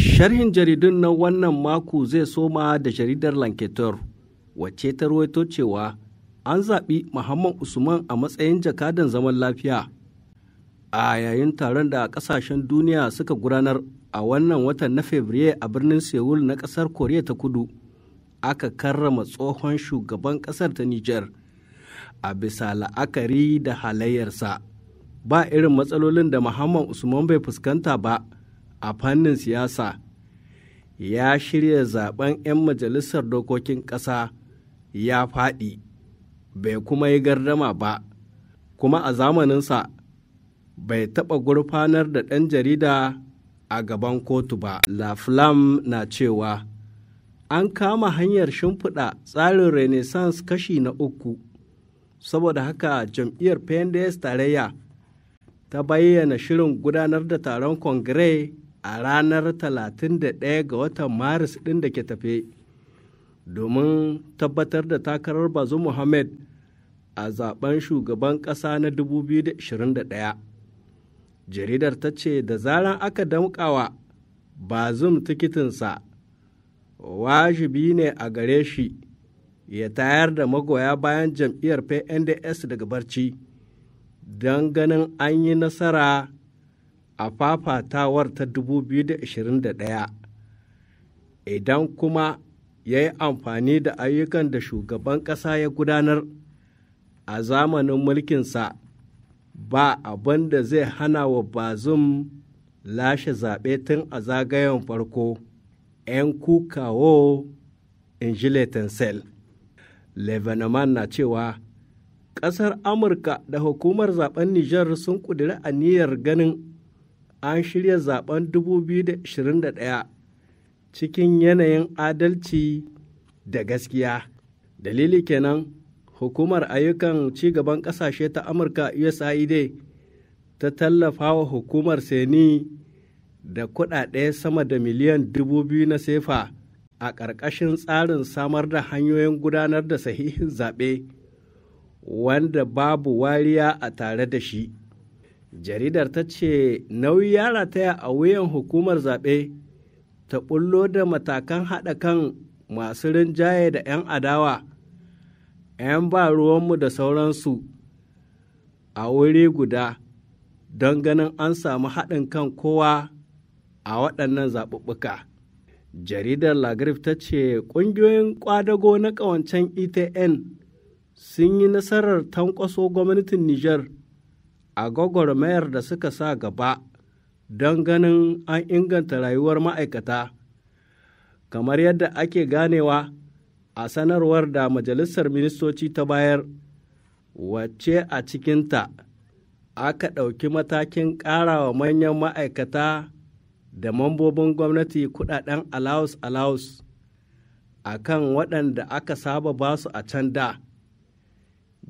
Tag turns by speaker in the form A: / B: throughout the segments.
A: Sharhin jaridun na wannan mako zai soma da jaridar Lanketor, wacce ta rawaito cewa an zaɓi Muhammad Usman a matsayin jakadan zaman lafiya. A yayin taron da ƙasashen duniya suka gudanar a wannan watan na Fabriye a birnin Seoul na ƙasar Koriya ta Kudu, aka karrama tsohon shugaban ƙasar ta Nijar a bisa la'akari da halayyarsa. Ba irin matsalolin da Muhammad Usman bai fuskanta ba. a fannin siyasa ya shirya zaben 'yan majalisar dokokin ƙasa ya faɗi bai kuma yi gardama ba kuma a zamaninsa bai taɓa gurfanar da ɗan jarida a gaban kotu ba la flam na cewa an kama hanyar shimfiɗa tsarin renaissance kashi na uku saboda haka jam'iyyar pendes tarayya ta bayyana shirin gudanar da taron kongire a ranar 31 ga watan maris ɗin da ke tafe domin tabbatar da takarar bazu muhammad a zaben shugaban ƙasa na 2021 jaridar ta ce da zaran aka damƙawa bazum tikitinsa wajibi ne a gare shi ya tayar da magoya bayan jam'iyyar pnds daga barci don ganin an yi nasara a fafatawar ta 2021 idan kuma ya yi amfani da ayyukan da shugaban ƙasa ya gudanar a zamanin mulkinsa ba abin da zai hana wa bazum lashe zaɓe tun a zagayen farko 'yan kukawo in ji sel Levenaman na cewa ƙasar amurka da hukumar zaben nijar sun ƙudiri aniyar ganin an shirya zaben 2021 cikin yanayin adalci da gaskiya. Dalili kenan hukumar ayyukan cigaban ƙasashe ta Amurka USAID ta tallafa wa hukumar Seni da kuɗaɗe sama da miliyan 2,000 na sefa a ƙarƙashin tsarin samar da hanyoyin gudanar da sahihin zaɓe wanda babu wariya a tare da shi. jaridar ta ce nauyi ya rataya a wuyan hukumar zaɓe ta ɓullo da matakan haɗa kan masu rinjaye da 'yan adawa 'yan ba ruwanmu da sauransu a wuri guda don ganin an samu haɗin kan kowa a waɗannan zaɓuɓɓuka jaridar lagrif ta ce ƙungiyoyin ƙwadago na ƙawancen etn sun yi nasarar tankwaso gwamnatin Nijar. a gwagwarmayar da suka sa gaba don ganin an inganta rayuwar ma'aikata kamar yadda ake ganewa a sanarwar da majalisar ministoci ta bayar wacce a cikinta aka ɗauki matakin ƙarawa manyan ma'aikata da mambobin gwamnati kudaden alaus-alaus a kan waɗanda aka saba basu a can da.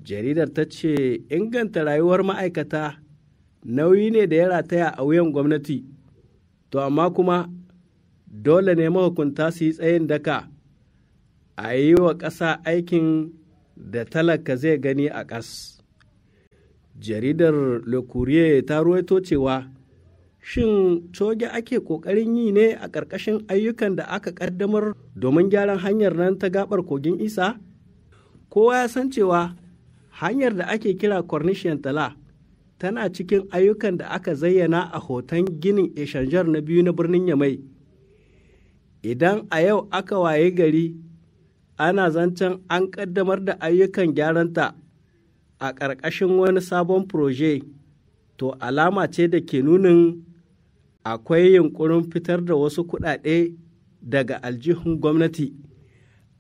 A: jaridar ta ce inganta rayuwar ma'aikata nauyi ne da ya rataya a wuyan gwamnati to amma kuma dole ne mahukunta su yi tsayin daka a yi wa ƙasa aikin da talaka zai gani a ƙas jaridar le ta ruwaito cewa shin coge ake ƙoƙarin yi ne a ƙarƙashin ayyukan da aka ƙaddamar domin gyaran hanyar nan ta gaɓar kogin isa kowa ya san cewa hanyar da ake kira cornishian tala tana cikin ayyukan da aka zayyana a hoton ginin eshanjar na biyu na birnin yamai idan a yau aka waye gari ana zancen an ƙaddamar da ayyukan gyaranta a ƙarƙashin wani sabon proje to alama ce da ke nunin akwai yunkurin fitar da wasu kuɗaɗe daga aljihun gwamnati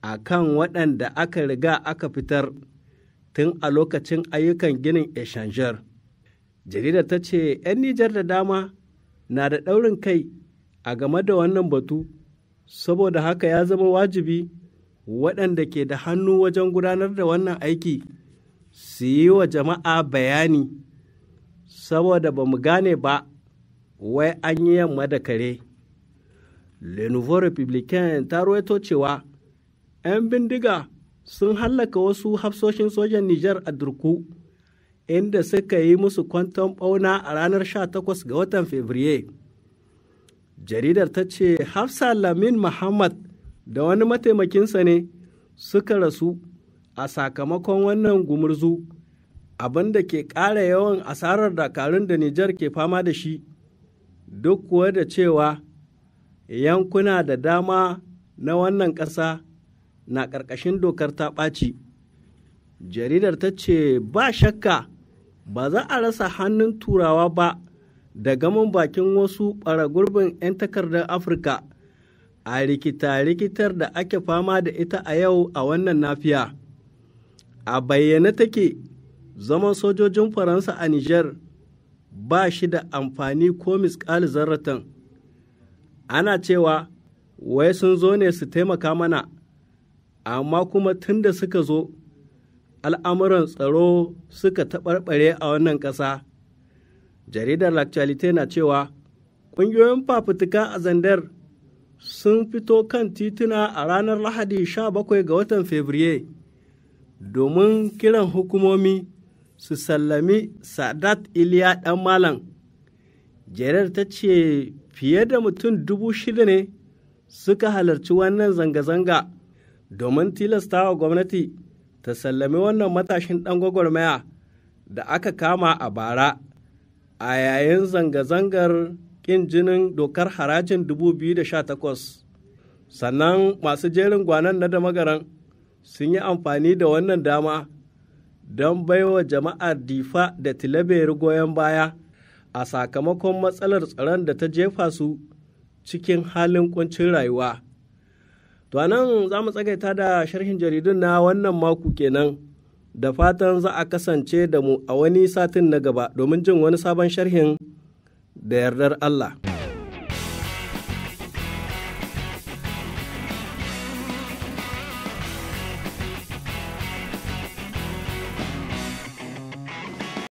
A: a kan waɗanda aka riga aka fitar tun a lokacin ayyukan ginin Eshanjar. Jaridar ta ce 'yan Nijar da dama na da ɗaurin kai a game da wannan batu, saboda haka ya zama wajibi waɗanda ke da hannu wajen gudanar da wannan aiki su yi wa jama'a bayani, saboda ba mu gane ba wai an yi yamma da kare. Le Nouveau Republicain ta ruwaito cewa ‘yan bindiga sun hallaka wasu hafsoshin sojan Nijar a Durku, inda suka yi musu kwanton ɓauna a ranar 18 ga watan Fabriye. Jaridar ta ce Hafsa Lamin Muhammad da wani mataimakinsa ne suka rasu a sakamakon wannan gumurzu, abinda ke ƙara yawan asarar dakarun da Nijar ke fama da shi, duk kuwa da cewa yankuna da dama na wannan ƙasa. na ƙarƙashin dokar ta ɓaci jaridar ta ce ba shakka ba za a rasa hannun turawa ba da gaman bakin wasu gurbin 'yan takardar afirka a rikita-rikitar da ake fama da ita a yau a wannan nafiya a bayyane take zaman sojojin faransa a Nijar ba shi da amfani ko misƙali zarratan ana cewa wai sun zo ne su taimaka mana amma kuma tun da suka zo al'amuran tsaro suka taɓarɓare a wannan ƙasa jaridar lactualite na cewa ƙungiyoyin fafutuka a zandar sun fito kan tituna a ranar lahadi 17 ga watan fevrier domin kiran hukumomi su sallami sadat iliya ɗan malam jerar ta ce fiye da mutum dubu shida ne suka halarci wannan zanga-zanga domin tilasta wa gwamnati ta sallami wannan matashin ɗan gwagwarmaya da aka kama a bara a yayin zanga-zangar ƙin jinin dokar harajin 2018 sannan masu jerin gwanan na damagaran sun yi amfani da wannan dama don baiwa jama'ar difa da tilaberi goyon baya a sakamakon matsalar tsaron da ta jefa su cikin halin kuncin rayuwa. To nan za mu tsagaita da sharhin jaridun na wannan mako kenan da fatan za a kasance da mu a wani satin na gaba domin jin wani sabon sharhin da yardar Allah.